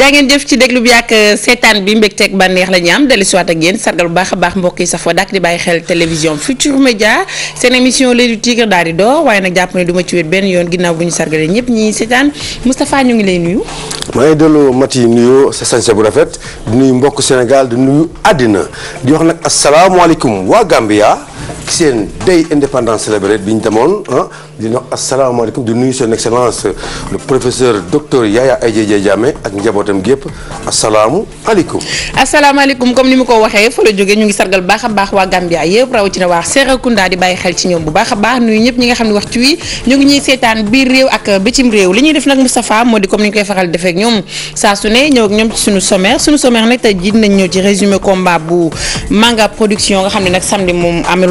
jaa ngeen jëf ci déglu bi ak euh, seetaan bi mbégteeg bànneex la ñu am dellusiwaat ak yéen sargal bu baax a baax mbokk yi safoo dak di bàyyi xel télévision Futur Média seen émission L'Oeil du Tigre daal di door waaye nag jàpp ne du ma ci wéet benn yoon bu ñu sargalee ñëpp ñi seetaan Moustapha ñu ngi lay nuyu. maa ngi dellu Mati nuyu sa sañse bu rafet di nuyu mbokk senegal di nuyu àddina di wax nag asalaamaaleykum waa Gambia. ci seen day indépendance célébrée bi ñu demoon ah di nuyu asalaamaaleykum di nuyu son excellence le professeur docteur Yaya Dieng Diamé ak njabootam gépp asalaamualeykum. asalaamaaleykum comme ni mu ko waxee fa la ñu ngi sargal baax a baax waa Gambia yëpp rawatina waa Serekunda di bàyyi xel ci ñoom bu baax a baax nuyu ñëpp ñi nga xam ne waxtu wi ñu ngi ñuy seetaan biir réew ak bitim réew li def nag Moustapha moo di comme ni ñu koy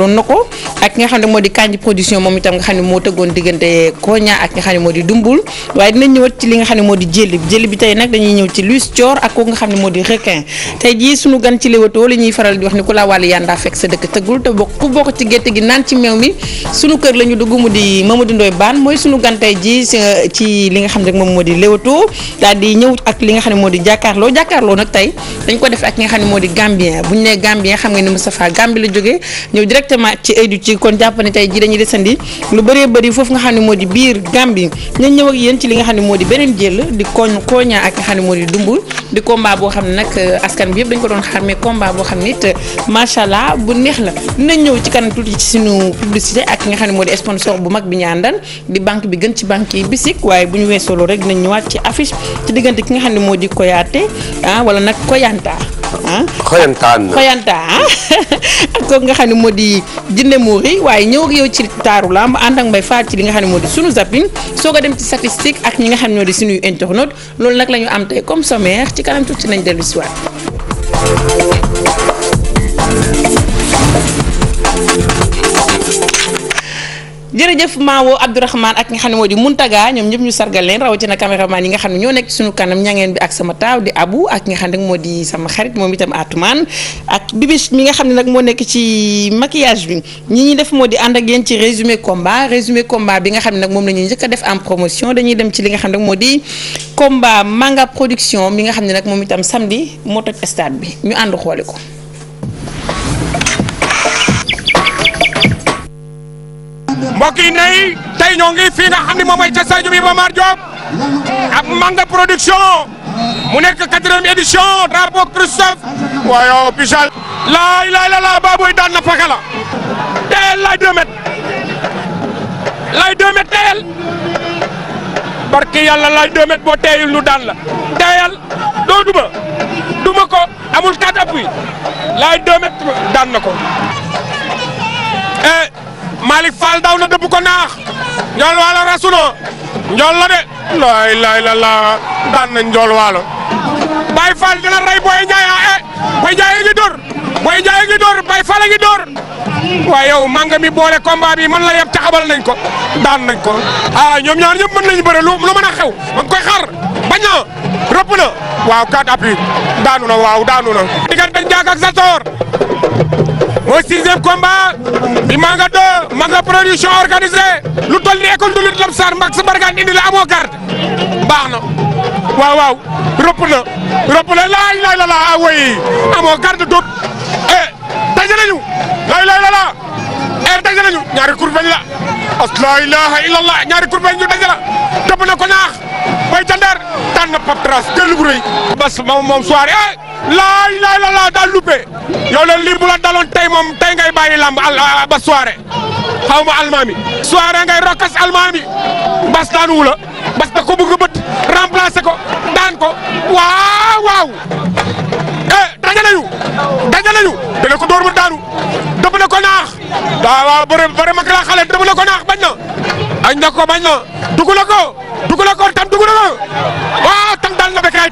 àndaloon na ko ak nga xam ne moo di Kandji production moom itam nga xam ne moo tëggoon diggante Koña ak nga xam ne moo di Dumbul waaye dinañ ñëwaat ci li nga xam ne moo di jëli bi jëli nag dañuy ñëw ci Luis Thior ak ne moo di requin tey jii suñu gan ci Leewtoo li ñuy faral di wax ni ku la wàllu yàndaa fekk sa dëkk tëggul te bokk ku bokk ci gétt gi naan ci meew mi suñu kër la ñu dugg mu di Mamadou Ndoye Bane mooy suñu gan tey jii ci li nga xam ne moom moo di Leewtoo daal di ñëw ak li nga xam ne moo di jàkkaarloo jàkkaarloo nag tey dañ ko def ak nga xam ne moo di Gambien buñ ne Gambien xam nga ni Moustapha Gambie la jógee ñëw direct directement ci Edu ci kon jàpp ne tey jii dañuy desandi lu bëree bëri foofu nga xam ne moo di biir Gambie ñu ñëw ak yéen ci li nga xam ne ak nga xam xam ne euh, euh, ci kanam tuuti ci suñu publicité ak nga xam ne moo di sponsor bu mag bi ñu àndal di banque bi gën ci banque yi bisik waaye bu ñu weesoo loolu rek dinañ ñëwaat ci affiche ci diggante ki nga xam ne moo di koyaate ah wala nag koyanta ah. koyanta ah. ak kooku nga xam ne moo di ci Dine Mory waaye ñëw ak yow ci taaru lamb ànd ak Mbaye ci li nga xam ne moo di sunu zapping soog a dem ci statistique ak ñi nga xam ne ñoo di suñuy internautes loolu nag la am tey comme sommaire ci kanam tuuti nañ dellu si waat jërëjëf Maawo Abdourahmane ak nga xam ne moo di Muntaga ñoom ñëpp ñu sargal leen rawatina caméraman yi nga xam ne ñoo nekk suñu kanam ñangeen bi ak sama taaw di abu ak nga xam ne moo di sama xarit moom itam atumaan ak bibiche mi nga xam ne nag moo nekk ci maquillage bi ñi ñuy def moo di ànd ak yéen ci résumé combat résumé combat bi nga xam ne nag moom la ñuy njëkk def en promotion dañuy dem ci li nga xam ne moo di combat manga production mi nga xam ne nag moom itam samedi moo toj stade bi ñu ànd xooli ko mbokk yi nay tey ñoo ngi fii nga xam ne moom mooy ca stade Iba Mar Manga production mu nekk quatrième édition drapeau Christophe waaye oh, Pichal. laa ilaaha illallaah Baboye daan na Pakala teel laay deux mètres laay deux barke yàlla laay deux boo teeyul nu daan la teyal doo duma duma ko amul quatre appui laay daan na ko. Eh, Malick Fall daw na dëpp ko naax Ndiol Waalo rasu na Ndiol la de laay laay la laa daan nañ Waalo Baye Fall dina rey Boy Ndiaye ah eh Boy ngi dóor Boy Ndiaye ngi dóor Baye Fall a ngi dóor waaye yow manga mi boole combat bi man la yeb taxabal nañ ko daan nañ ko ah ñoom ñaar ñëpp mën nañu bëre lu lu mën a xew man koy xar bañ na rëpp na waaw quatre appuis daanu na waaw daanu na diggante Ndiaga ak Zator mooy sixième maa bi Manga 2 Manga production organisé lu toll ni école de lutte Lamsar Max Mbargane indi la amoo carte baax na waaw waaw rëpp na rëpp na laay laay la laa woy ah, amoo carte dóob eh daje nañu laay laay la laa eh daje nañu kur bañ la. la ilaha illallah ñaari kurbel ñu dajala dëpp na ko naax bay tandar tànn na Pape Trace dellu bu bas moom moom soirée ah la ilaha illallah daal luppe yow daloon tey moom tey ngay bàyyi lamb al bas soirée xaw almaami soirée ngay rokkas almaami bas daan wula bas da ko bëgg ko daan ko waaw waaw eh daje nañu daje nañu dana ko dóor mu daanu dëpp na ko naax waaw waaw bëri bëri mag laa xale dëpp na ko naax bañ na añ na ko bañ na dugg ko dugg ko tam dugg ko waaw tam daal na ba kaay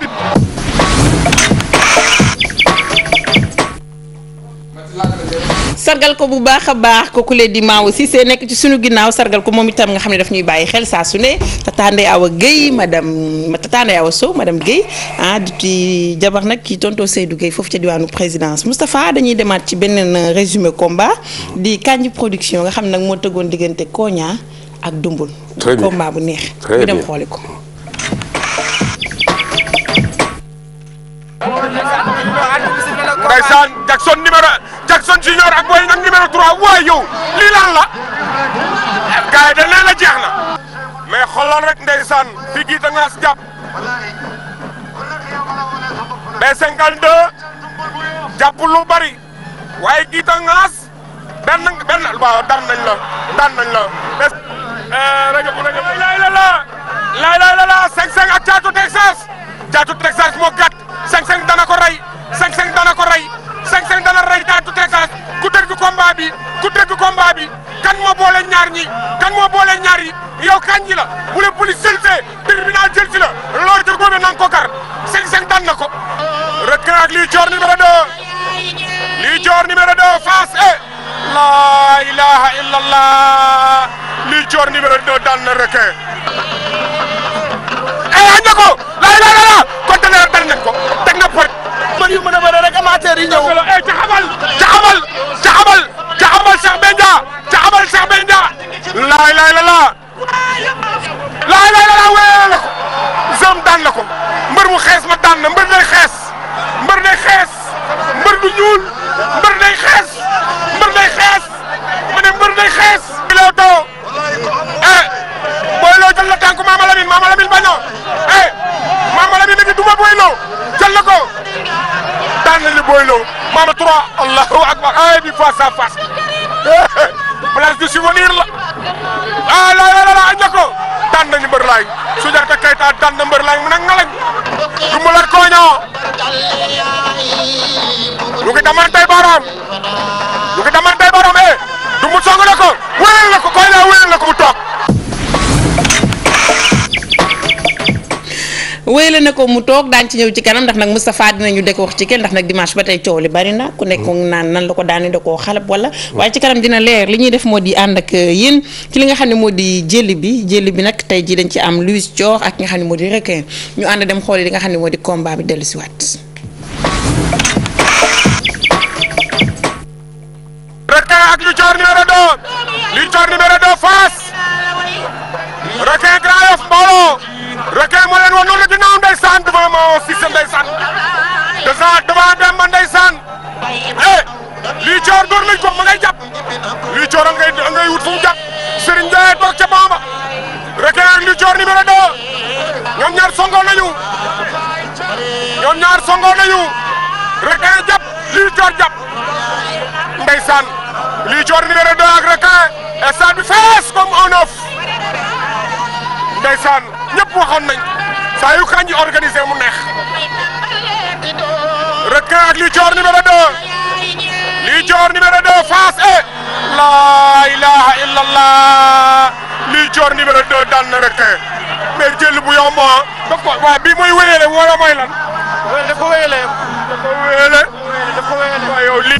sargal ko bu baax a baax kooku lee di Maawo Cissé nekk ci suñu ginnaaw sargal ko moom itam nga xam ne daf ñuy bàyyi xel saa su ne Tata Ndeye Awa Guèye madame Tata Ndeye Awa Sow madame ah, di jabar nag ki tonto Seydou Guèye foofu ca diwaanu présidence Moustapha dañuy demaat ci beneen euh, résumé combat di Kanji production nga xam nag moo tëggoon diggante Koña ak Dumbul. très bu neex. ñu dem xooli ko. Jackson Junior ak booy nag numéro 3 waaye yow lii lan la gars yi dañ a jeex na mais xoolal rek ndeysaan fi gii da ngaa si jàpp B52 jàpp bari waaye giita ngaas benn benn waaw daan nañ la daan nañ la bés. Eh, rajo la la lay la la 5-5 ak caatu Texas caatu Texas moo gàtt 5-5 ko rey. bi ku tëgg combat bi kan moo boole ñaar ñi kan moo boole ñaar yi yow kañ ji la bu la police jëlsee tribunal jël te góobe na nga ko kar seng-seng daan na ko rëkk ak lii coor numéro 2 lii coor numéro 2 face e la ilaha illallah lii coor numéro 2 daan na rëkk e eh, na ko la ilaha na pot mën yu mën a mën a rek amateur yi ñëw eh, caxabal caxabal laa ilaaha illallaah laa ilaaha illallaah wéyal na ko zëm daan na ko mbër mu xees ma daan na mbër day xees mbër day xees mbër du ñuul mbër day xees mbër day xees ma ne mbër day xees biloo doo eh booy loo jël na tànku Maama Lamine Maama Lamine bañ na eh Maama Lamine nag duma booy loo jël na ko daan nañ la booy loo maama trois allahu akbar ay eh, bi face à face eh, place de souvenir la laay Soundiata a daan na mbër laay mu ne ngalañ du mu lar kooñoo ñu ngi damantey baaraam ñu ngi damantey baaraam eh jàppale na ko mu toog daan ci ñëw ci kanam ndax nag Moustapha dinañu dëkk wax ci kenn ndax nag dimanche ba tey coow li bari na ku nekk mm-hmm. naan nan la ko daani da koo xalab wala mm-hmm. waaye ci kanam dina leer li ñuy def moo di ànd ak euh, yéen ci li nga xam ne moo di jëli bi jëli bi nag tey jii ci am Louis Dior ak nga xam ne moo di requin nga xam ne moo di combat bi dellu si waat requin ak mbooloo Roqe moo leen wan noonu la ginnaaw ndeysaan devant Mao Cissé ndeysaan dèjà Demba ndeysaan eh lii coor door lañ ko ma ngay jàpp lii coor ngay wut fu mu jàpp Serigne Ndiaye toog ca Bamba Roqe ak ñoom ñaar songoon nañu ñoom ñaar songoon nañu Roqe jàpp lii coor ndeysaan lii coor numéro 2 ak Roqe stade bi fees comme un œuf ndeysaan. ñëpp waxoon nañ saa yu kanji organisé mu neex requin ak li coor numéro 2 li coor numéro 2 face e la ilaha illallah li coor numéro 2 daan na requin mais bu yomb ah bii mooy wéyale wala mooy lan. daf ko wéyale daf ko wéyale daf ko wéyale waaw yow li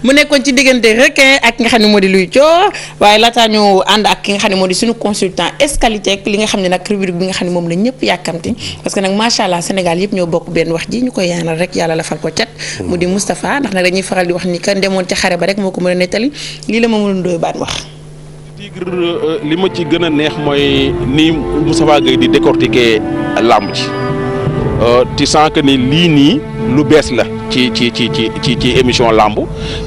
mu nekkoon ci diggante requin ak nga xam ne moo di luy joor waaye laataa ñu ànd ak ki nga xam ne moo di suñu consultant escalité ak li nga xam ne nag rubrique bi nga xam ne moom la ñëpp yàkkamti parce que nag macha allah Sénégal yëpp ñoo bokk benn wax ji ñu koy yaanal rek yàlla la fal ko cat mu di Moustapha ndax nag dañuy faral di wax ni kan demoon ci xare ba rek moo ko mën a nettali lii la ma mënoon doy baat wax Tigre euh, li ma ci gën a neex mooy ni Moustapha Gueye di décortiquer làmb ji euh, tu sens que ni lii nii lu bees la ci ci ci ci ci ci émission làmb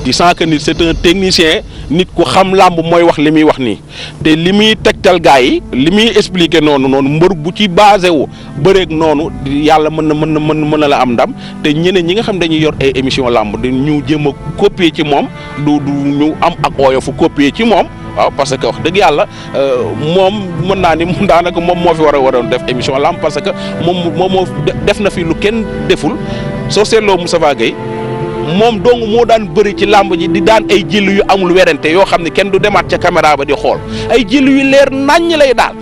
di sens que ni c'est un technicien nit ku xam làmb mooy wax li muy wax nii te li muy tegtal gars yi li muy expliqué noonu noonu mbër bu ci basé wu bëreeg noonu yàlla mën na mën na mën mën na la am ndam te ñeneen ñi nga xam dañuy yor ay émission làmb di ñu jéem a copier ci moom du du ñu am ak ooyofu copier ci moom. waaw parce que wax dëgg yàlla euh, moom mën naa ni moom daanaka moom moo fi war a waroon def émission làmb parce que moom moom moo def na fi lu kenn deful soo seetloo Moustapha Gueye moom dong moo daan bëri ci làmb ji di daan ay jill yu amul werante yoo xam ne kenn du demaat ca caméra ba di xool ay jëll yu leer naññ lay daal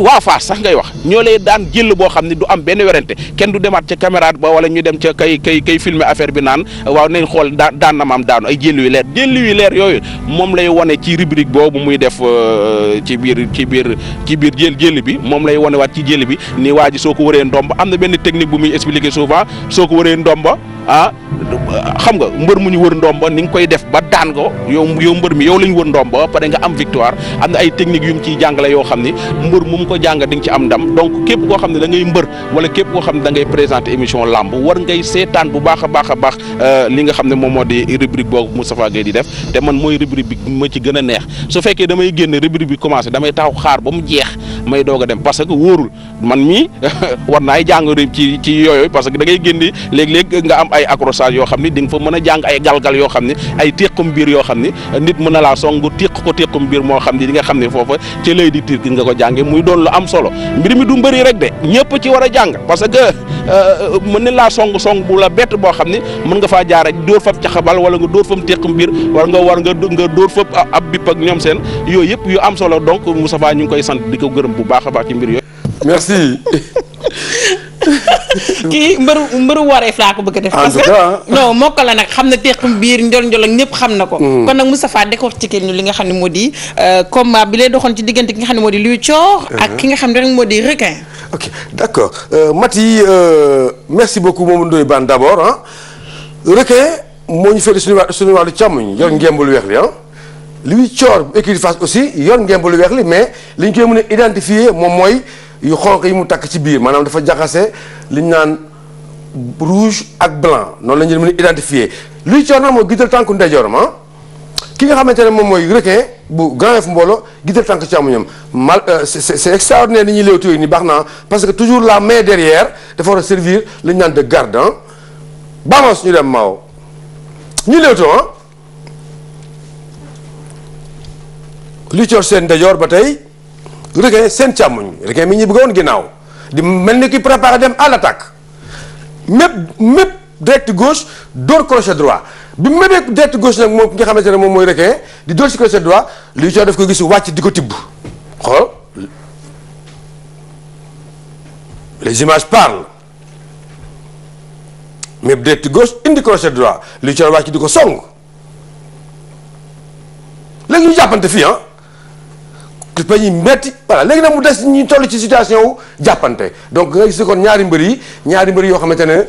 waa Fass sax ngay wax ñoo lay daan jël boo xam ne du am benn werante kenn du demaat ca caméra ba wala ñu dem ca kay kay kay filmer affaire bi naan waaw nañ xool daa daan na maam daanu ay jël yu leer jël yu leer yooyu moom lay wane ci rubrique boobu muy def euh, ci biir ci biir ci biir jël jël bi moom lay wane waat ci jël bi ni waa ji soo ko wëree ndomb am na benn technique bu muy expliquer souvent soo ko wëree ndomba ah xam nga mbër mu ñu wër ndomba ni nga koy def ba daan ko yow yow mbër mi yow la ñu wër ndomba pare nga am victoire am na ay technique yu ciy jàngale yoo xam ni ko jàng di nga ci am ndam donc képp koo xam ne da ngay mbër wala képp koo xam ne da ngay présenté émission làmb war ngay seetaan bu baax a baax a baax euh, li nga xam ne moom moo di rubrique boobu Moustapha Gueye di def te man mooy rubrique bi ma ci gën a damay génn rubrique bi commencé damay taxaw xaar ba mu jeex may doog a dem parce que wóorul man mii war naay jàng ci ci yooyu parce que da ngay génn léeg-léeg nga am ay accrochage yoo xam ne di nga fa mën a jàng ay galgal yoo xam ne ay téqum biir yoo xam ne nit mën a laa song moo xam ne di xam ne foofa ci ko jànge muy doon doon lu am solo mbir mi du mbëri rek de ñëpp ci war a jàng parce que euh, mën na laa song song bu la bett boo xam ne mën nga faa jaara a fab caxabal wala nga dóor fam téqam mbir wala nga war nga nga dóor fab ab bipp ak ñoom seen yooyu yëpp yu am solo donc Moustapha ñu ngi koy sant di ko gërëm bu baax a baax ci mbir yooyu kii mbëru mbëru wareef laa ko bëgg a def. parce que non mokk la nag xam na tequm biir njol-njol ak ñëpp xam na ko. Mm. kon nag Moustapha décortiquer li nga xam ne moo di euh, combat bi lay doxoon ci diggante ki nga xam ne moo di luy uh-huh. ki nga xam ne rek moo di requin. ok d'accord yi euh, euh, merci beaucoup Momadou Ndoye Bane d'abord ah requin moo ñu féetee suñu wà suñu wàllu càmmuñ yor ngembul weex li luy coor écurie Fass aussi yor ngembul weex li mais liñ koy mën a moom mooy. yu xonq yi mu takk ci biir maanaam dafa jaxase li ñu naan rouge ak blanc noonu la ñu mën a identifier luy coorna mooy giddal tànku ndeyjooram ah ki nga xamante ne moom mooy requin bu grand F mbooloo giddal tànk càmmoñam mal euh, c'est extraordinaire ni ñuy léewtoo yi ni baax na parce que toujours la main derrière dafa war a servir li naan de garde ah ñu dem Mao ñu léewtoo ah luy coor seen ndeyjoor ba tey du Requin seen càmmoñ Requin mi ñu bëggoon ginnaaw di mel ni ki préparé dem à l'attaque mépp mépp direct gauche door crochet droit bi mébee direct gauche nag moom ki nga xamante ne moom mooy Requin di door si crochet droit li coo def ko gis wàcc di ko tibb xool les images parlent mépp direct gauche indi crochet droit li coo wàcc di ko song léegi ñu jàppante fii ah ba ñuy metti voilà léegi nag mu des ñu toll ci situation wu jàppante donc nga gis kon ñaari mbër yi ñaari mbër yoo xamante ne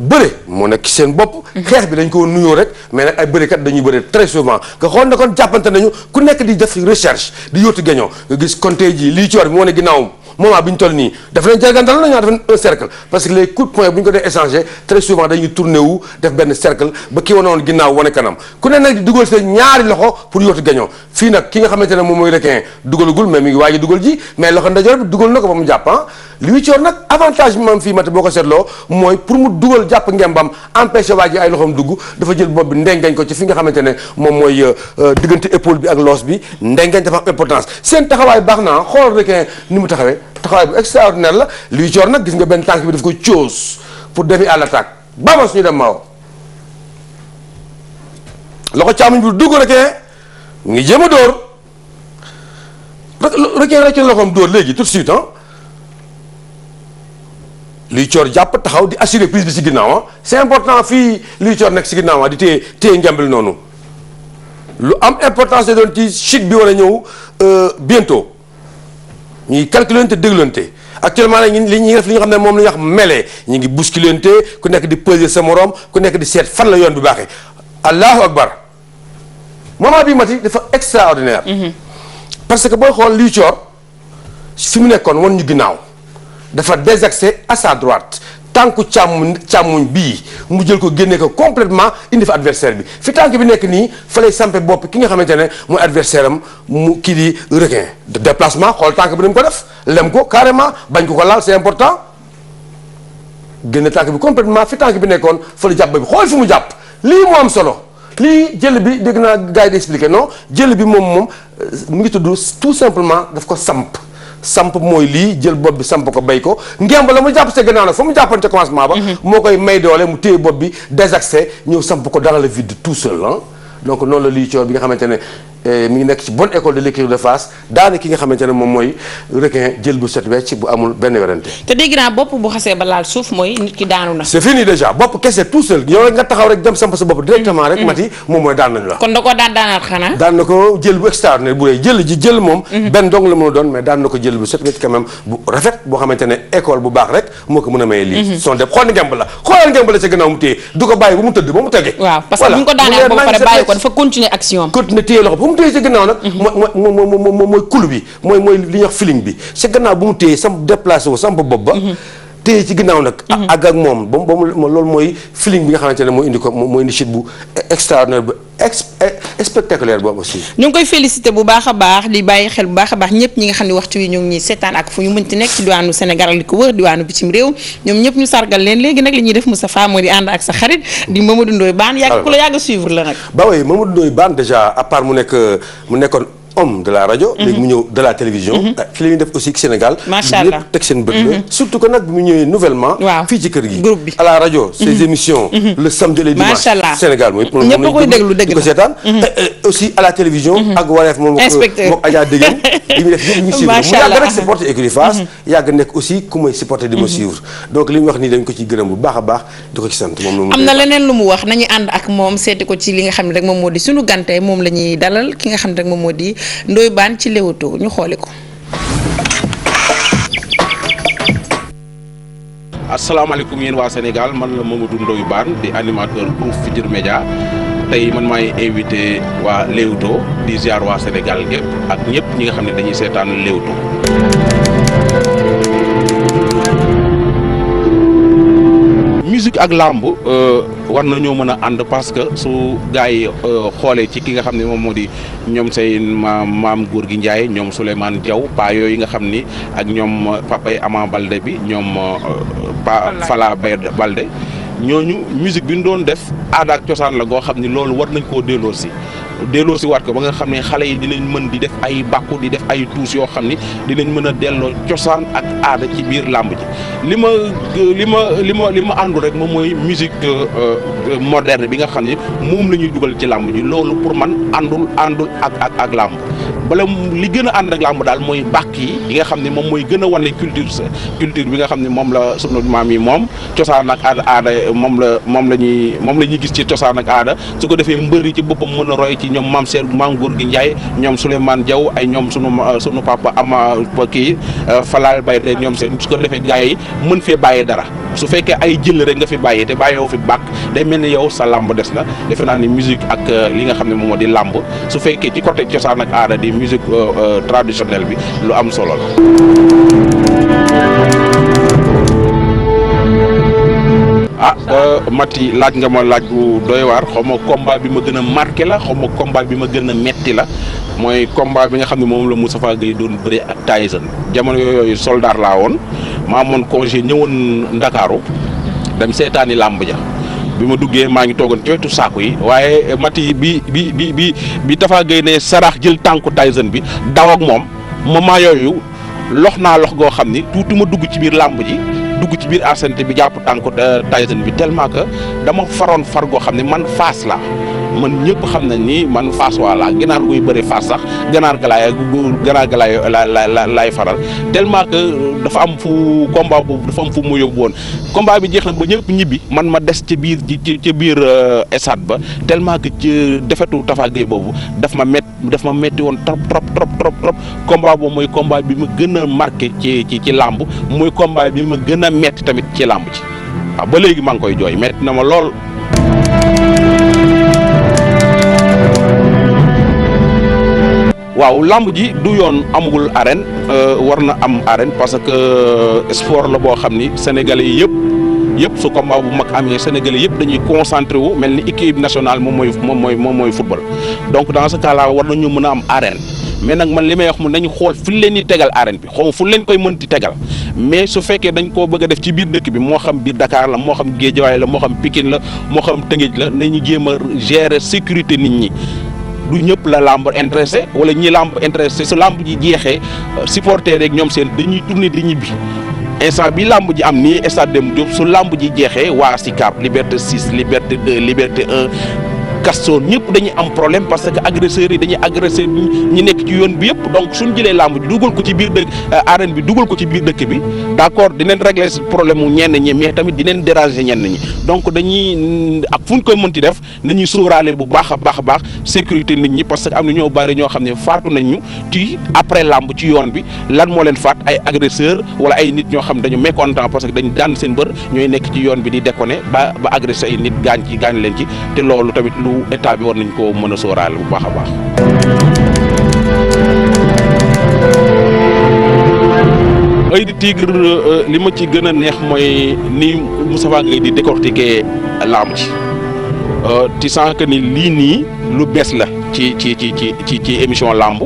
bëre moo nekk ci seen bopp. xeex bi dañ ko nuyoo rek mais nag ay bërekat dañuy bëre très souvent nga xool na kon jàppante nañu ku nekk di def recherche di yóotu gañoo nga gis Conte ji lii ci war bi moo ne ginnaawam. moment bi ñu toll nii daf leen jargantal la ñaa def cercle parce que les coups de poing bu ñu ko dee échanger très souvent dañuy tourné wu def benn cercle ba ki wanoon ginnaaw wane kanam ku ne nag di dugal seen ñaari loxo pour yootu gañoo fii nag ki nga xamante ne moom mooy requin dugalagul mais mi ngi waaj a dugal ji mais loxo ndajoor bi dugal na ko ba mu jàpp ah. Luitor nag avantage bi moom fii boo ko seetloo mooy pour mu dugal jàpp ngembam empêché waa ji ay loxoom dugg dafa jël bopp bi ndengañ ko ci fi nga xamante ne moom mooy euh, euh, diggante épaule bi ak loos bi ndengañ dafa am importance seen taxawaay baax naa xoolal requin ni mu taxawee taxawaay bu extraordinaire la lu Luitor nag gis nga benn tànk bi daf ko coos pour demi à l'attaque bama suñu dem maaw loxo càmmoñ bi dugg requin ngi jéem a dóor requin rek ci loxoom dóor léegi tout de luy coor jàpp taxaw di assurer prise bi si ginnaaw ah. c'est important fii luy coor nekk si ginnaaw ah, di téye téye njàmbil noonu lu am importance da doon ci bi war a ñëw euh, bientôt ñuy calculante déglante actuellement nag li ñuy def li nga xam ne moom la ñuy wax mêlée ñu ngi bousculante ku nekk di peser sa moroom ku nekk di seet fan la yoon bu baaxee allahu akbar moment bi mati dafa extraordinaire mhm. parce que booy xool luy coor fi mu nekkoon wan ñu ginnaaw dafa désaxé à sa droite tànku càmmuñ càmmuñ bii mu jël ko génne ko complètement indi fa adversaire bi fi tànk bi nekk nii fa lay sampe bopp ki nga xamante ne mooy adversaire am mu kii di requin de déplacement xool tànk bi ni mu ko def lem ko carrément bañ ko ko laal c'est important génne tànk bi complètement fi tànk bi nekkoon fa la jàpp bi xool fi mu jàpp lii moo am solo lii jël bi dégg naa gars yi di expliqué non jël bi moom moom euh, mu ngi tuddu tout simplement daf ko samp samp mooy lii jël bopp bi samp ko béy ko ngemb la mu jàpp sa gannaaw nag fa mu jàppoon ca commencement ba mhm. moo koy may doole mu téye bopp bi désaxé ñëw samp ko dara la vide tout seul ah donc noonu la lii coow bi nga xamante ne Eh, mi nekk ci bonne école de l'écriture de Fass daane ki nga xamante ne moom mooy requin jël bu set wecc bu amul benn werante te dégg naa bopp bu xasee ba laal suuf mooy nit ki daanu na c'est fini déjà bopp kese tout seul yow rek nga taxaw rek dem samp sa bopp directement rek mm-hmm. mati moom mooy daan nañu la kon da daan daanaat xanaa daan na ko jël bu extraordinaire bu rëy jël ji jël moom mm-hmm. benn dong la mën a doon mais daan na ko jël bu set wecc quand téye sa gannaaw nag. Mhm. mooy mooy mooy mooy kul bi mooy mooy li ñuy wax feeling bi sa gannaaw bu mu téye sam déplacé wu samp bopp ba. Mhm. téye ci ginnaaw nag. Mhm. àgg ak moom ba mu loolu mooy feeling bi nga xamante ne moo indi ko moo indi chute bu extraordinaire bu e-, bu baax a baax di bàyyi xel bu baax a baax ñëpp ñi wi ñoo ngi ñuy seetaan ak fu ñu li ñoom ñëpp ñu sargal leen léegi nag li ñuy def Moustapha moo di ànd ak sa xarit di Mamadou Ndoye Bane yàgg ku la yàgg suivre la nag. ba way Mamadou Ndoye Bane déjà à mu nekk mu nekkoon homme de la rajo. Mhm. léegi mu ñëw de la télévision. Mhm. Ah, ci li ñu Sénégal. macha allah ñëpp teg seen bët mhm. la. la rajo. ses Sénégal mooy. ñëpp a ko seetaan. Euh, aussi à la télévision. ak wareef moom. inspecteur nekk aussi ku may mu wax nii dañ ko ci gërëm bu baax a baax di ko ci sant moom. am moom seeti ko ci nga xam ne rek moom moo di sunu moom la dalal ki nga xam ne rek moom moo Ndoye Bane ci Leewtoo ñu xooli ko. asalaamaaleykum yéen waa Sénégal man la Mamadou Ndoye Bane di animateur groupe Futurs Médias tey man maay invité waa Leewtoo di ziar waa Sénégal yëpp ak ñëpp ñi nga xam ne dañuy seetaan Leewtoo musique ak làmb euh, war nañoo mën a ànd parce que su gars yi euh, xoolee ci ki nga xam ne moom moo di ñoom say maam góor gi Ndiaye ñoom Souleymane Diaw paa yooyu nga xam ni ak ñoom papay Ama Balde bi ñoom euh, pa Fala Balde ñooñu musique bi ñu doon def aada ak cosaan la goo xam ni loolu war nañ koo delloo si delloo si waat ko ba nga xam ne xale yi dinañ mën di def ay bàkku di def ay tuus yoo xam ni dinañ mën a delloo cosaan ak aada ci biir làmb ji li ma li ma li ma li ma àndul rek moom mooy musique euh, euh, moderne bi nga xam ne moom la ñuy dugal ci làmb ji loolu pour man àndul àndul ak ak ak làmb bala li gën a ànd ak làmb daal mooy bàkk yi yi nga xam ne moom mooy gën a wane culture sa culture bi nga xam ne moom la sunu maam yi moom cosaan ak aada moom la moom la ñuy moom la ñuy gis ci cosaan ak aada su ko defee mbër yi ci boppam mën a roy ci ñoom maam Seer maam góor gi Njaay ñoom Souleymane jaw ay ñoom sunu sunu papa ama kii Falal Bayte ñoom seen su ko defee gars yi mën fee bàyyee dara su fekkee ay jël rek nga fi bàyyi te bàyyiwoo fi bàkk day mel ni yow sa làmb des na defe naa ni musique ak euh, li nga xam ne moom moo di làmb su fekkee ci côté cosaan ak aada di musique euh, euh, traditionnelle bi lu am solo ah yi laaj nga ma laaj bu doy waar xaw ma bi ma gën a marqué la xaw ma bi ma gën a metti la mooy combat bi nga xam ne moom la Moustapha Gueye doon bëri ak Tyson jamono yooyu soldat laa woon maa amoon congé ñëwoon Ndakaaru dem seetaani làmb ja bi ma duggee maa ngi toogoon ci wetu saako yi waaye mat bi bi bi bi bi Tafa Gueye ne sarax jël tànku Tyson bi daw ak moom moment yooyu lox naa lox goo xam ni tuuti ma dugg ci biir làmb ji. dugg ci biir Arsen bi jàpp tànku euh, Tyson bi tellement que dama faroon far goo xam ne man fas la man ñëpp xam nañ ni man Fass waa laa ginaar guy bëri Fass sax ganaar ga laay ganaar ga laay faral tellement que dafa am fu combat boobu dafa am fu mu yóbbu woon combat bi jeex na ba ñëpp ñibbi man ma des ci biir ca biir estade euh, ba tellement que ci defetu Tapha Gueye boobu daf ma mett daf ma metti woon trop trop trop trop trop combat boobu mooy combat bi ma gën a marqué ci ci ci làmb mooy combat bi ma gën a metti tamit ci làmb ci waaw ba léegi maa ngi koy jooy metti na ma lool waaw lamb ji du yoon amugul arène euh, war na am arène parce que euh, sport la boo xam ni sénégalais yëpp yëpp su combat bu mag amee sénégalais yëpp dañuy concentré wu mel ni équipe nationale moom mooy moom mooy mooy football donc dans ce cas war na ñu mën a am arène mais nag man li may wax mu nañu xool fu leen di tegal arène bi xaw fu leen koy mënti tegal mais su fekkee dañ koo bëgg def ci biir nëkk bi moo xam biir Dakar la moo xam Guédiawaye la moo xam Pikine la moo xam Tëngéej la nañu jéem a gérer sécurité nit ñi du ñëpp la làmb intéressé wala ñi làmb intéressé su làmb ji jeexee euh, supporter rek ñoom seen dañuy tourner di ñibbi instant bi làmb ji am ni stade Demba Diop su làmb ji jeexee waa si Sicap Liberté 6 Liberté 2 Liberté 1 Gaston ñëpp dañuy am problème parce que agresseurs yi dañuy agressé ñi nekk ci yoon bi yëpp donc suñ jëlee làmb ji dugal ko ci biir dëkk euh, arène bi dugal ko ci biir dëkk bi d'accord dinañ régler problème mu ñenn ñi mais tamit dinañ déranger ñenn ñi donc dañuy mm, ak a baax a baax sécurité nit ñi parce que am na ñoo bari ñoo xam ne faatu nañ ñu ci yoon bi lan moo leen faat ay agresseur wala ay nit ñoo xam dañu mécontent parce que dañu daan seen bër ñooy nekk ci yoon bi di déconner ba ba ay nit gaañ ci gaañ leen ci te loolu tamit boobu bi war nañ koo mën a sóoraale bu baax a baax. L'Oeil du Tigre euh, li ma ci gën a neex mooy ni Moustapha Gueye di décortiquer laam ci ci sànq ni lii nii lu bees la. ci ci ci ci ci ci émission làmb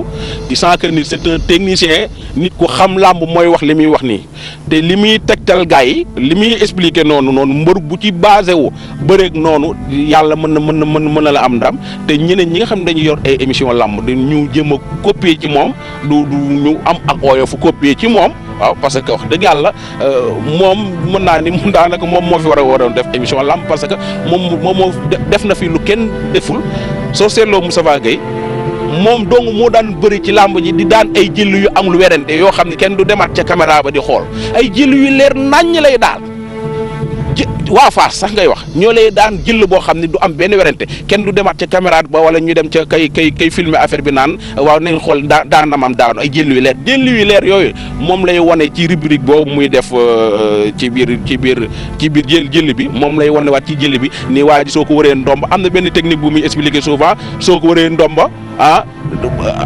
di ni c'est technicien nit ku xam làmb mooy wax li muy wax nii te li muy tegtal gars yi li muy expliquer noonu noonu mbër bu ci basé wu bëreeg noonu yàlla mën na mën na mën mën na la am ndam te ñeneen ñi nga xam ne dañuy yor ay émission làmb di ñu jëm a copier ci moom du du ñu am ak fu copier ci moom. waaw parce que wax dëgg yàlla euh, moom mën naa ni mu daanaka moom moo fi war a waroon def émission làmb parce que moom moom moo def na fi lu kenn deful. soo seetloo Moustapha Gueye moom dong moo daan bëri ci làmb yi di daan ay jëll yu amul werante yoo xam ne kenn du demaat ca caméra ba di xool ay jill yu leer naññ lay daal waa Fass sax ngay wax ñoo lay daan jël boo xam ne du am benn werante kenn du demaat ca caméra ba wala ñu dem ca kay kay kay filmer affaire bi naan waaw nañ xool daan daan am daanu ay jël yu leer jël wi leer yooyu moom lay wane ci rubrique boobu muy def euh, ci biir ci biir ci biir jël jël bi moom lay wane waat ci jël bi ni waa ji soo ko wëree ndomba am na benn technique bu muy expliquer souvent soo ko wëree ndomba. ah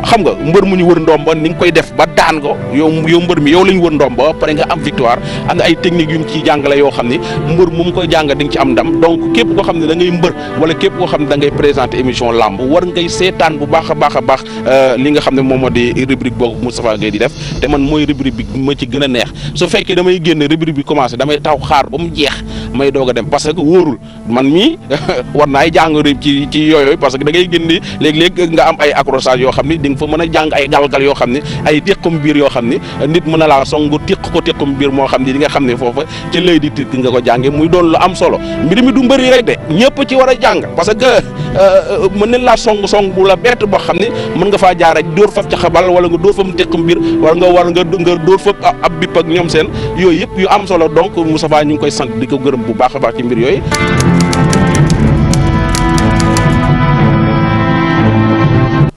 xam nga mbër mu ñu wër ndomba ni nga koy def ba daan ko yow yow mbër mi yow la ñu wër ndomba pare nga am victoire ak ay technique yu mu ciy jàngale yoo xam ni mbër mu mu koy jàng di nga ci am ndam donc képp koo xam ne da ngay mbër wala képp koo xam ne da ngay présenter émission làmb war ngay seetaan bu baax a a baax euh, li nga xam ne moom moo di rubrique boobu Moustapha Gueye di def te man mooy rubrique bi ma ci gën a neex su fekkee damay génn rubrique bi commencé damay taw xaar ba mu jeex may doog a dem parce que wóorul man mii war naay jàng ci ci yooyu parce que da ngay génn léeg-léeg nga am ay accrochage yoo xam ni di nga fa mën a jàng ay galgal yoo xam ni ay téqum biir yoo xam ni nit mën a laa songu téq ko téqum biir moo xam ni di nga xam ne foofa ci lay di tiit nga ko jànge muy doon lu am solo mbir mi du mbëri rek de ñëpp ci war a jàng parce que euh, mën nañ laa song song bu la bett boo xam ni mën nga faa jaar ak dóor faf ca xabal wala nga dóor fa mu téqum biir nga war nga nga dóor fa ab bipp ak ñoom seen yooyu yëpp yu am solo donc Moustapha ñu ngi koy sant di ko gërëm bu baax a baax ci mbir yooyu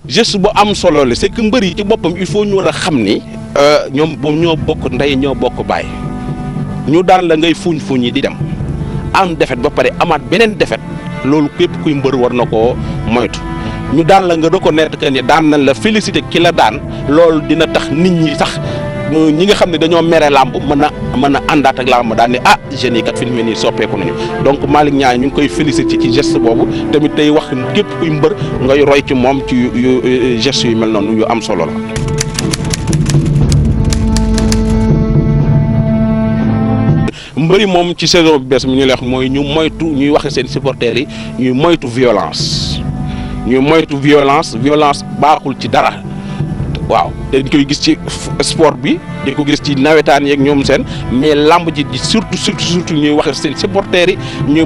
geste bu am solo la c'est mbër yi ci boppam il faut ñu war a xam ni euh, ñoom ñoo bokk ndey ñoo bokk baay ñu daan la ngay fuuñ fuñ yi di dem am defet ba pare amaat beneen defet loolu képp kuy mbër war na ko moytu ñu daan la nga reconnaître que ni daan nañ la féliciter ki la daan loolu dina tax nit ñi sax. Euh, ñi nga xam ne dañoo mere làmb mën a mën a àndaat ak làmb daal ne ah jeunes yi kat fi mu ne nii soppeeku nañu donc Malick Niang ñu ngi koy félicité ci geste boobu tamit tey wax képp kuy mbër ngay roy ci moom ci yu yu mel noonu yu am solo la. mbëri moom ci saison bi bees mu ñu leex mooy ñu moytu ñuy waxe seen supporters yi ñuy moytu violence ñuy moytu violence violence baaxul ci dara waaw dañ koy gis ci sport bi di ko gis ci nawetaan yeeg ñoom seen mais lamb ji surtout surtout surtout ñuy wax seen supporters yi ñu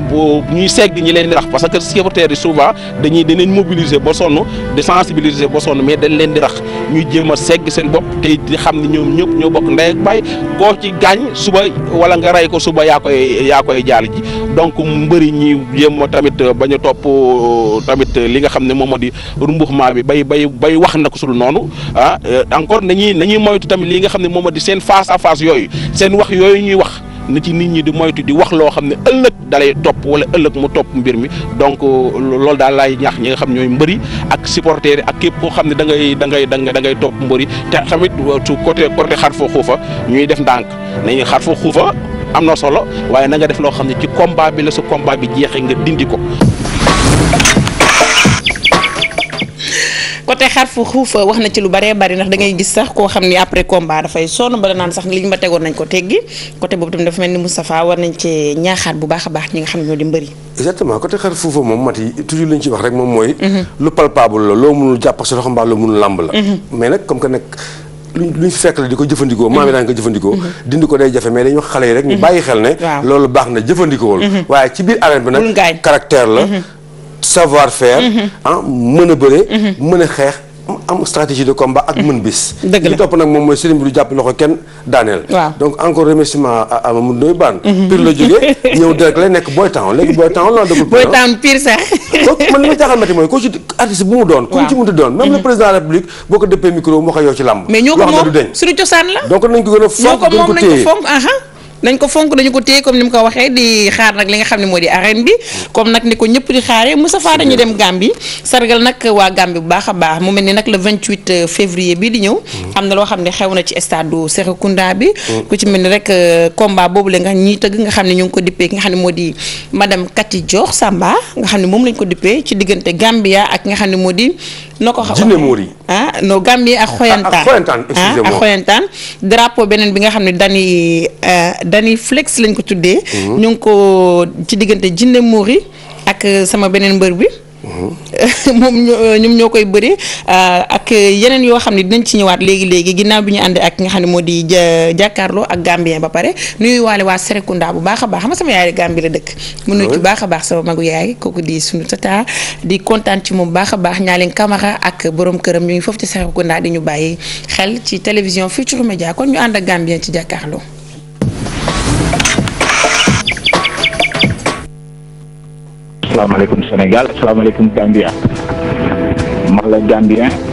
ñuy segg ñi leen di rax parce que supporters yi souvent dañuy danañ mobiliser ba sonn di sensibilisé ba sonn mais dañ leen di rax ñu jéem a segg seen bopp te di xam ne ñoom ñëpp ñoo bokk ndey ak baay koo ci gaañ suba wala nga rey ko suba yaa koy yaa koy jaal ji donc mbëri ñi jéem a tamit bañ a topp tamit li nga xam ne moom moo di maa bi bay bay bay wax na ko sul noonu ah, moo di seen face à face yooyu seen wax yooyu ñuy wax na ci nit ñi di moytu di wax loo xam ne ëllëg dalay topp wala ëllëg mu topp mbir mi donc loolu daal laay ñaax ñi nga xam ñooy mbëri ak supporter ak képp koo xam ne da ngay da ngay da ngay topp mbëri te tamit su côté côté xar foo xuufa ñuy def ndànk nañu xar fa xuufa am na solo waaye na nga def loo xam ne ci combat bi la su combat bi jeexee nga dindi ko. côté xar fu wax na ci lu baree bari ndax da gis sax koo xam ni après combat dafay sonn ba naan sax ni a mhm. lu mhm. ñu fekk la di ko jëfandikoo maam daan ko jëfandikoo mhm. dindi ko day jafe mais dañu wax xale yi rek ñu bàyyi xel ne loolu baax waaye ci biir arène bi nag caractère la savoir faire. Mhm. ah mën a bëre. Mhm. mën a xeex am stratégie de combat ak mhm. mën bis. dëgg topp nag moom mooy sëriñ bi du jàpp loxo kenn daaneel. donc encore remerciement à à Mamadou Ndoye Bane. pire la jógee ñëw direct la nekk Boy Town léegi Boy Town lan dëgg. Boy Town pire sax. kooku man ma jaaxal mati mooy ko ci artiste bu mu doon. waaw ku ci mënti doon même le président de la république boo ko dëppee micro moo ko ci làmb. mais ñoo ko moom suñu cosaan la. donc nañ ko gën a fonk dañ nañ ko fonk dañu ko téye comme ni mu ko waxee di xaar nag li nga xam ne moo di arène bi comme nag ni ko ñëpp di xaaree Moustapha dañu dem Gambie sargal nag waa Gambie bu baax a baax mu mel ni nag le euh, février bi di ñëw mm. am na loo xam ne xew na ci stade du mm. euh, la nga ñiy tëgg nga xam ne ñu ngi ko dippee ki nga xam ne moo di madame Kati Dior Samba nga xam ne moom lañ ko dippee ci diggante Gambia ak nga xam ne moo di ko xam ah no Gambie ak xoyantaan ah, ah, ah ak xoyantaan drapeau beneen bi nga xam ne dani euh, Dani Flex lañ ko tuddee. Mhm. ñu ngi ko ci diggante Jinne Mouri ak euh, sama beneen mbër bi. Mhm. moom euh, ñoom ñoo koy bëri euh, ak yeneen yoo xam ne dinañ ci ñëwaat léegi léegi ginnaaw bi ñu ànd ak nga xam ne moo di jàkkaarloo ak Gambien ba pare waale waa Serekunda bu baax a baax xam nga sama yaay la dëkk. mu nuyu bu baax a baax sama magu yaay kooku di sunu tata di kontaan ci moom baax a baax ñaaleen Camara ak borom këram ñu ngi foofu ci Serekunda di ñu bàyyi xel ci télévision Futurs Médias kon ñu ànd ak Gambien ci jàkkaarloo. asalaamaaleykum Sénégal asalaamaaleykum Gambia man la Gambien.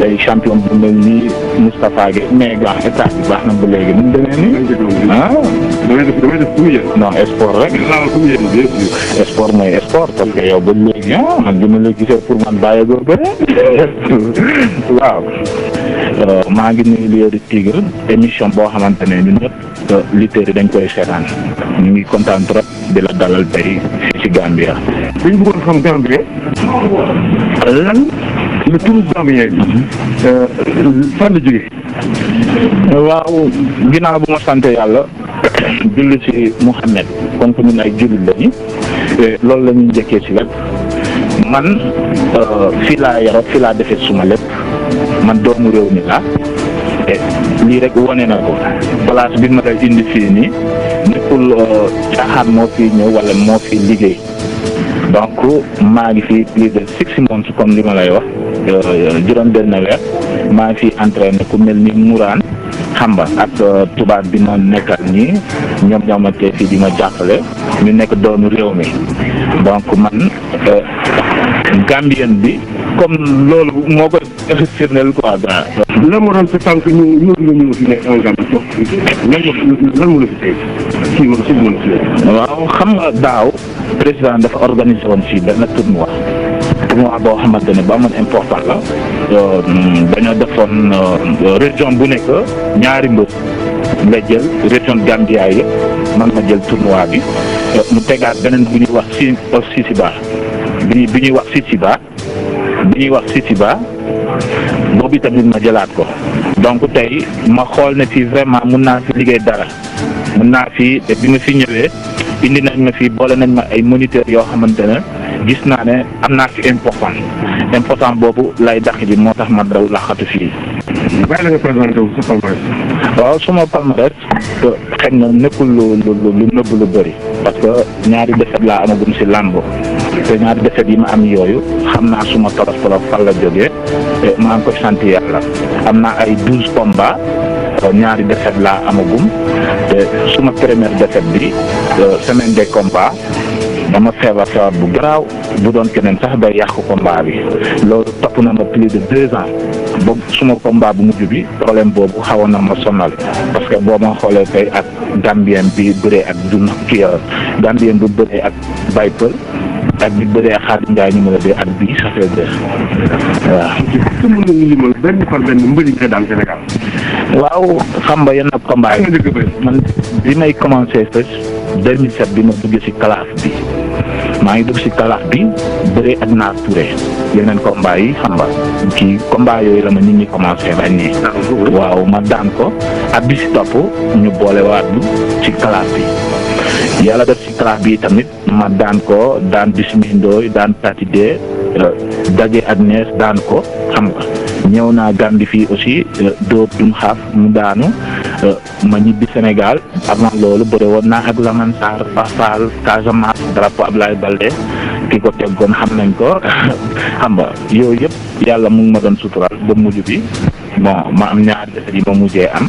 ay champion bu mel ni Moustapha Gueye mais grand baax na ba léegi nu mu demee nii. ah damay def damay non sport rek. sport mooy sport parce que yow ba léegi ah man bi ma la gisee pour man bàyyi ba bëri. waaw. maa ngi nuyu Léory Tigre émission boo xamante ne ñun ñëpp euh, lutteurs dañ koy seetaan ñu ngi kontaan trop di la dalal tey fii ci Gambia. dañ bëggoon xam Gambia. lan. le turu Gambien bi fan la jóge waaw ginnaaw bu ma sant yàlla julli ci Muhammad kon ko ñun ay jullit lañu loolu la ñuy njëkkee ci lépp man euh, fii laa yaroo fii laa defee suma lépp man doomu réew mi laa lii rek wone na ko place bi ma lay indi fii nii nekkul euh, caaxaan moo fi ñëw wala moo fi liggéey donc maa ngi fi plus de six mois comme li ma lay wax Euh, juróom-benn weer maa fi entraîné ku mel ni Mourane xam nga ak euh, tubaab bi ma nekkal nii ñoom ñoo ma tee fii di ma jàppale ñu nekk doomu réew mi donc man euh, Gambien bi comme loolu moo koy firndeel quoi gaa lan moo doon sa tànk ñu waaw xam nga daaw président dafa organisé woon fii benn tournoi tournoi boo xamante ne bu amoon important la euh, dañoo defoon euh, région bu nekk ñaari mbër la jël région Gambia yëpp man ma jël tournoi bi euh, mu tegaat beneen bu ñuy wax si si si baax bi bi ñuy wax si si baax wax si si baax boobu tamit ma jëlaat ko donc tey ma xool ne fii vraiment mun naa fi liggéey dara mun naa fi bi ma fi ñëwee indi nañ ma fi boole nañ ma ay moniteurs yoo xamante ne. gis naa ne am naa fi important important boobu lay dàq ji moo tax ma daw laxatu fii. bàyyi la waaw suma palmarès xëy na nekkul lu lu lu nëbb lu bëri parce que ñaari defet laa amagum si làmb te ñaari defet yi ma am yooyu xam naa suma tolof tolof fan la jógee maa ngi koy sant yàlla am naa ay douze combats euh, ñaari defet laa amagum te suma première defet bi euh, semaine de combats. dama feebar feebar bu garaaw bu doon keneen sax day yàq combat bi loolu topp na ma plus de deux ans ba suma combat bu mujj bi problème boobu xawoon na ma sonal parce que boo ma xoolee tey ak gambien bi bëree ak dun kii euh, gambien bi bëree ak bay pël ak bi bëree Xaadim Njaay numéro bi ak bii ça fait deux waaw. est-ce que mën nga ñu limal benn par benn mbër yi nga daan Sénégal. waaw xam nga yenn combat yi man bi may commencé fës 2007 bi ma dugg ci classe bi. maa ngi dugg ci kalaax bi bëree ak naa Touré yeneen combat yi xam nga kii combat yooyu la ma nit ñi commencé ràññee. waaw ma daan ko ab bi si topp ñu boole waat ci kalaax bi. yàlla def ci kalaax bi tamit ma daan ko daan bisimilah daan tatide daje ak nees daan ko xam nga ñëw naa Gambie fii aussi euh, dóor jum xaaf mu daanu euh, ma ñibbi Sénégal avant loolu bëre woon naa ak Lamane Sarr Fafal Casamance drapeau Ablaye Balde ki ko teggoon xam nañ ko xam nga yooyu yëpp yàlla mu ngi ma doon sutural ba mujj bi bon ma am ñaar yi ma mujjee am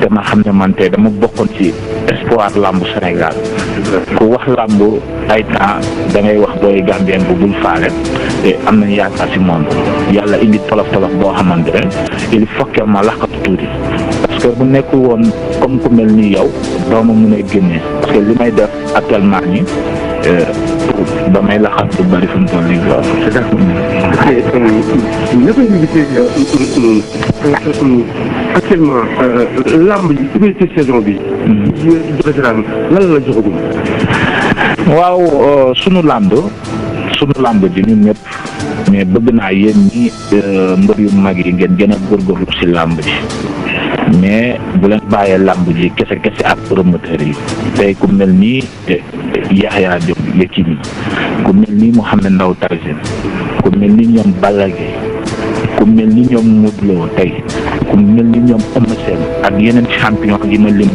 te ma xam ne man te dama bokkoon ci espoir lambu Sénégal ku wax làmb ay temps da ngay wax booy gambien bu bul faale te am nañu yaakaar si moom yàlla indi tolof tolof boo xamante ne il fokkee ma laxatu tuuti parce bu nekk woon comme ku mel ni yow doo ma mun a génne li may def actuellement nii damay euh, laxat bu bari fi mu toll nii lool. c'est ça. Euh, actuellement euh, lamb yi ubbeeku saison bi. lan la joxagum. waaw euh, sunu làmb sunu làmb ji ñun mais bëgg naa yéen ñi euh, mbër yu mag yi ngeen gën a góorgóorlu si lamb ji mais bu leen bàyyee làmb ji kese kese ak promoteur yi tey ku mel nii eh, Yaxya Diop Yékini ku mel nii Mouhamed Ndao Tyson ku mel ni ñoom Balla Gaye ku mel ni ñoom Modou Lo tey. ku mel ni ñoom Eumeu Sène ak yeneen champion yi ma lim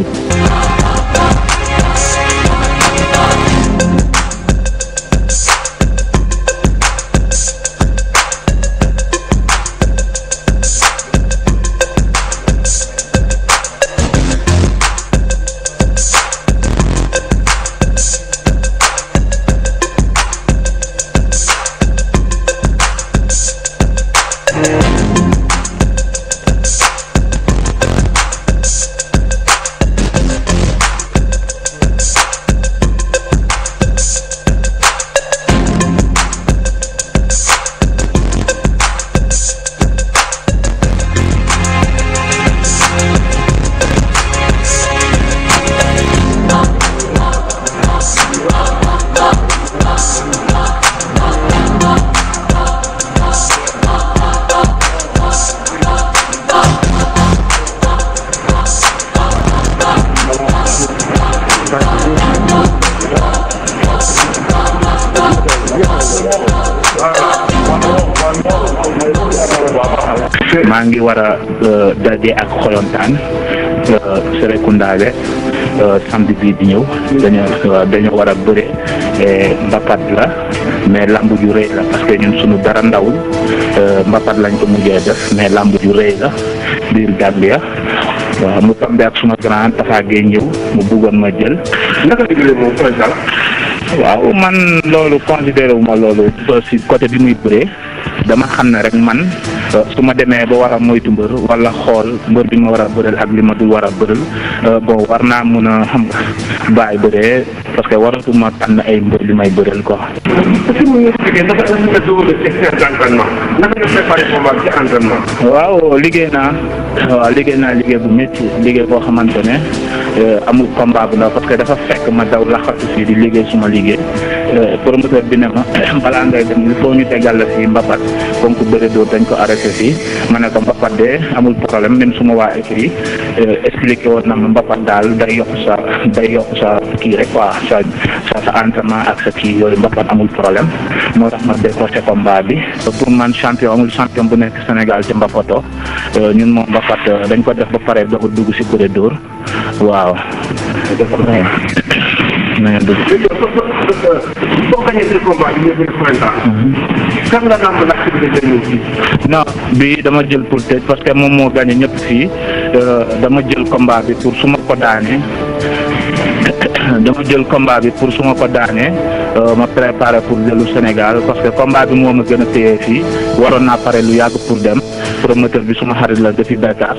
maa ngi war a euh, daje ak xoyontaan euh, Serekundaabe euh, samedi bii di ñëw dañoo dañoo war a bëre mbapat la mais lamb ju rëy la parce que ñun suñu dara ndawul mbapat lañ ko mujjee def mais làmb ju rëy la biir Gambia waaw mu tombe ak suma grand Tafa Gueye ñëw mu bëggoon ma jël. waaw man loolu considéré wu ma loolu si côté bi muy bëree dama xam na rek man euh, su ma demee ba war a moytu mbër walla xool mbër bi ma war a bëral ak li ma du war a bëral euh, bon war naa mën a xam bàyyi bëree parce que waratuma na ay mbër bi may bëral ko waaw liggéey naa waaw liggéey naa liggéey bu métti liggéey boo xamante ne euh, amul combat bu ndaw parce que dafa fekk ma daw laxatu fii di liggéey suma liggéey euh, promoteur bi ne ma balaa ngay dem il ñu tegal la fii mbapat comme que bëre dóor dañ ko arrêté fii ma ne ko mbapat de amul problème même suma waa écrit euh, expliqué woon na ma mbapat daal day yokk sa day yokk sa kii rek quoi sa sa ak sa kii yooyu mbapat amul problème moo tax ma décroché combat bi pour man champion amul champion bu nekk Sénégal ci mbapato ñun mbapat euh, dañ ko def ba pare doog dugg si Codé Dóor waaw. na bi dama jël pour tëj parce que moom moo gañe ñëpp fii euh, dama jël combat bi pour su ma ko daanee dama jël combat bi pour su ma ko daanee euh, ma préparé pour dellu Sénégal parce que combat bi moo ma gën a téye fii waroon naa pare lu yàgg pour dem. promoteur bi suma xarit la depuis Dakar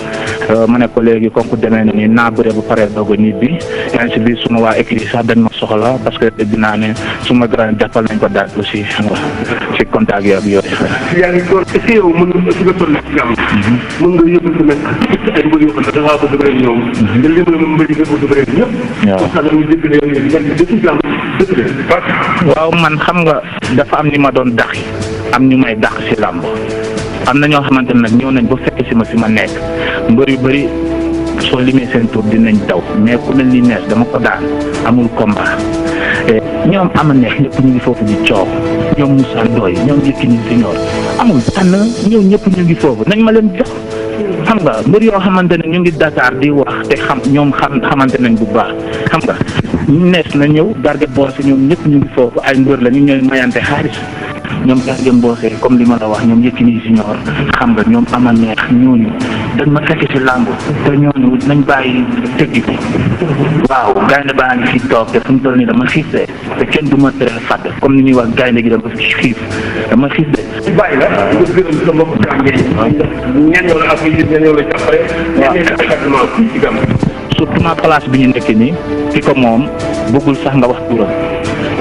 euh, ma ne ko léegi konku demee na ni naa bëre bu paree doog a ñibbi bi suma waa écrit sax dañ ma soxla parce que dégg naa ne suma grand jàppal nañ ko da ngaa te li mu ne ma mbir yi nga ko waaw man xam nga dafa am ñu ma doon dax am ñu may dax si làmb am na ñoo xamante ne nag ñëw nañ ba fekk si ma si ma nekk mbër yu bëri soo limee seen tur dinañ daw mais ku mel ni nees dama ko daan amul komba eh, ñoom am na neex ñëpp ñu ngi foofu di coow ñoom Moussa Ndoye ñoom Yékini Junior amul tànn ñëw ñëpp ñu ngi nañ ma leen jox. xam nga mbir yoo xamante ne ñu ngi Dakar di wax te xam ñoom xam xamante nañ bu baax xam nga nees na ñëw garga boor si ñoom ñëpp ñu ngi foofu ay mbër la ñu ñooy mayante xaalis. ñoom Garga Mbossé comme li ma la wax ñoom Yékini Junior xam nga ñoom am a neex ñooñu dañ ma fekk ci làmb te ñooñu nañ bàyyi tëgg waaw gaynde baa ngi fi toog te fu toll nii dama xiif de te kenn du ma tere fàtte comme ni ñuy wax gaynde gi dama xiif dama xiif de bàyyi la ñu ma place bi ñu nekk nii ki ko moom bëggul sax nga wax turam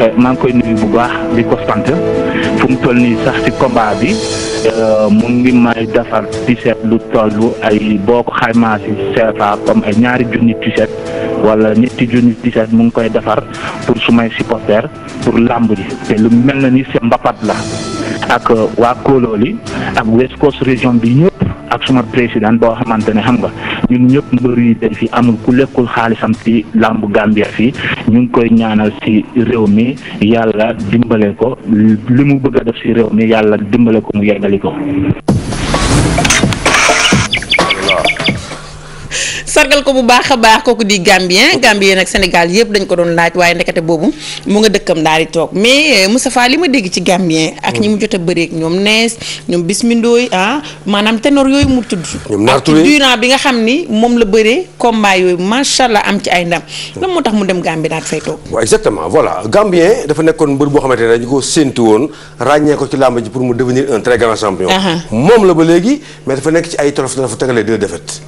eh, maa ngi koy nuyu bu baax di ko sant fu mu toll nii sax ci combat bi euh, mu ngi may defar t-shirt lu toll ay boo ko xaymaa ci CFA comme ay ñaari junni t-shirt wala ñetti junni t mu ngi koy defar pour su sumay supporter pour làmb ji te lu mel na ni seen mbapat la ak euh, waa Kololi ak West Coast région bi ñëpp. ak suma président boo xamante ne xam nga ñun ñëpp mbër yi dañ fi amul ku lekkul xaalisam ci làmbu Gambia fii ñu ngi koy ñaanal ci réew mi yàlla dimbale ko li mu bëgg def ci réew mi yàlla dimbale ko mu yeggali ko sargal ko bu baax a baax kooku di Gambien Gambien ak Sénégal yëpp dañ ko doon laaj waaye ndekete boobu mu nga dëkkam daal di toog mais euh, Moustapha li ma dégg ci Gambien. ak ñi mu jot a bëreeg ñoom nees ñoom bismindooy ah maanaam tenor yooyu mu tudd. ñoom naar bi nga xam ni moom la bëree combat yooyu macha allah am ci ay ndam. Hmm. lan moo tax mu dem Gambie daal fay toog. waaw exactement voilà Gambien dafa nekkoon mbër boo xamante ne dañu ko séntu woon ràññee ko ci làmb ji mu devenir un très grand champion. moom la ba léegi mais dafa nekk ci ay tolof dafa tegalee deux défaites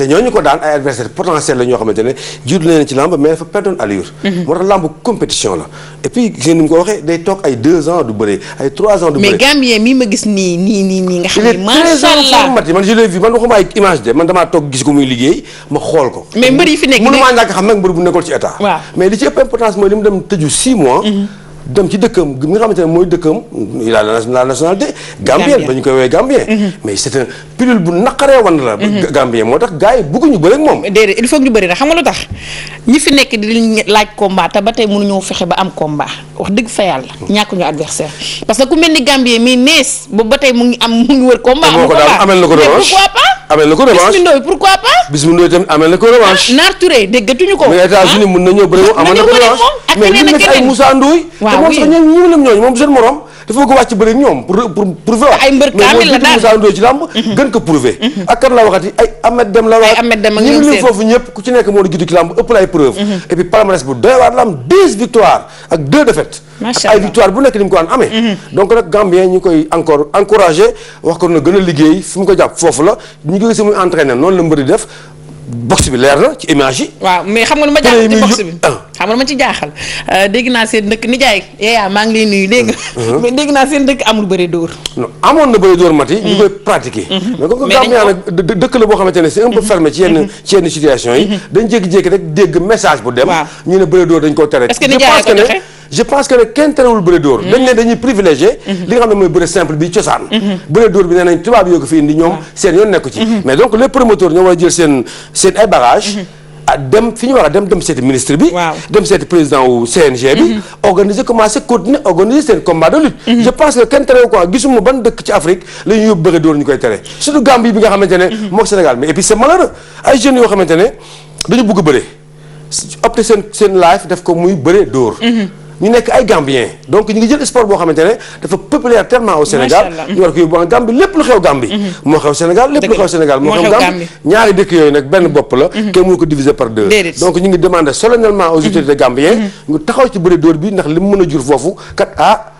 te ñooñu ko daan ay adversaire potentiel la ñoo ne jiitu leen ci lamb mais dafa perdoon allure mhm. moo tax lamb compétition la et puis gis mu ko waxee day toog ay deux ans du bëre ay trois ans du bëre mais Gambien mi ma gis nii nii nga xam ne macha allah man je l'ai vu man waxuma ay image de man damaa toog gis ko muy liggéey ma xool ko mais mbër yi fi nekk mënu maa ñàkk xam nag mbër bu nekkoon ci état mais li ci ëpp importance mooy li dem ci dëkkam bi nga xamante ne mooy dëkkam il a la nationalité gambienne dañu koy woowee gambien mhm. mais c'est un pilule bu naqaree wan la mhm. gambien moo tax gars yi bëgguñu moom déedéet il faut ñu bëri na xam nga lu tax ñi fi nekk di laaj combat te ba tey mënuñoo fexe ba am combat wax dëgg fa yàlla ñàkkuñu adversaire parce que ku mel ni Gambie mii nees boobu ba tey mu ngi am mu ngi wër combat am combat amel na ko revanche pourquoi pas amel na ko pas Bismi tamit amel na ko revanche ah, Naar Touré déggatuñu ko mais ah. na ñëw bëri amal na ko revanche mais ñu nekk ay Moussa Ndoye te moom sax ñoom ñi mu ñooñu moom seen morom dafa bëgg a wàcc bëri ñoom la daal mais mooy ci la Dem la foofu ñëpp ku ci nekk moo di giddu ci làmb ëpp la mhm. bu doy waar la am 10 victoires ni mu ko daan amee mhm. donc nag Gambien ñi koy encore encouragé wax ko na gën a liggéey fi mu ko jàpp foofu la ñu ngi gis muy entraîné noonu la mbëri def box bi leer na ci image waaw mais xam nga lu ma jaaxal ci box bi xam nga lu ma ci jaaxal euh, dégg naa seen dëkk nijaay yaa maa ngi lay nuyu dégg nga. Mm-hmm. Mm-hmm. mais dégg naa seen dëkk amul bëre dóor. non amoon na bëre dóor mati. ñu mm-hmm. koy pratiquer. mais comme que Gambia nag dëkk la boo xamante ne c'est un peu fermé ci yenn ci yenn situation yi. dañ jékki-jékki rek dégg message bu dem. ñu ne bëre dóor dañ koo tere. est que nijaay ko joxe je pense que ne kenn terewul bëre dóor mm-hmm. dañ ne dañuy privilégié mm-hmm. li nga xam ne mooy bëre simple bi cosaan mm-hmm. bëre dóor bi nee nañ tubaab yoo ko fi indi ñoom seen yoon nekku ci mais donc les promoteurs ñoo war a seen ay bagage ah dem fi ñu wax dem dem seeti ministre bi dem seeti président wu CNG bi organiser commencer continuer organiser seen combat de lutte je pense que kenn terewu quoi gisuma ban dëkk ci Afrique la ñu yóbbu bëri dóor ñu koy tere surtout Gambie bi xamante ne mook Sénégal mais et puis c'est ay jeunes yoo xamante ne dañu bëgg bëre opté seen seen life def ko muy bëre dóor ñu nekk ay Gambien donc ñu ngi jël sport boo xamante ne dafa populaire tellement au Sénégal ñu war ko yóbbu en Gambie lépp lu xew Gambie mhm. moo xew Sénégal lépp lu xew Sénégal moo xew Gambie ñaari dëkk yooyu nag benn mhm. bopp la mhm. kenn mënu ko diviser par deux donc ñu ngi demander solennellement aux autorités gambiennes ñu taxaw ci bëri dóor bi ndax li mu mën a jur foofu kat ah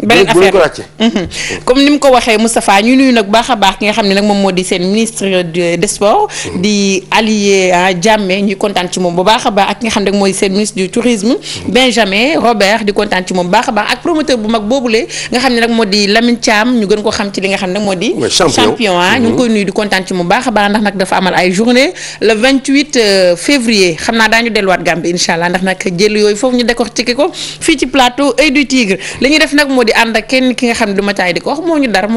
beneen affaire ko ràcce mhm. comme ni mu ko ñu nuyu nag baax a ki nga xam ne nag moom moo di seen ministre des sports mhm. di Allié Diamé ah, ñuy kontaan ci moom bu baax a baax ak nga xam ne mooy seen ministre du tourisme mhm. Benjamin Robert di kontaan ci moom baax a baax ak promoteur bu mag boobule nga xam ne nag moo di Lamine Thiam ñu gën ko xam ci li nga xam ne nag moo di champion ah ñu ngi koy nuyu di kontaan ci moom baax a baax ndax nag dafa amal ay journée le 28 euh, février xam naa daañu delluwaat Gambie incha allah ndax nag ko fii di ànd ak kenn ki nga xam ne caay di wax moo ñu dar moo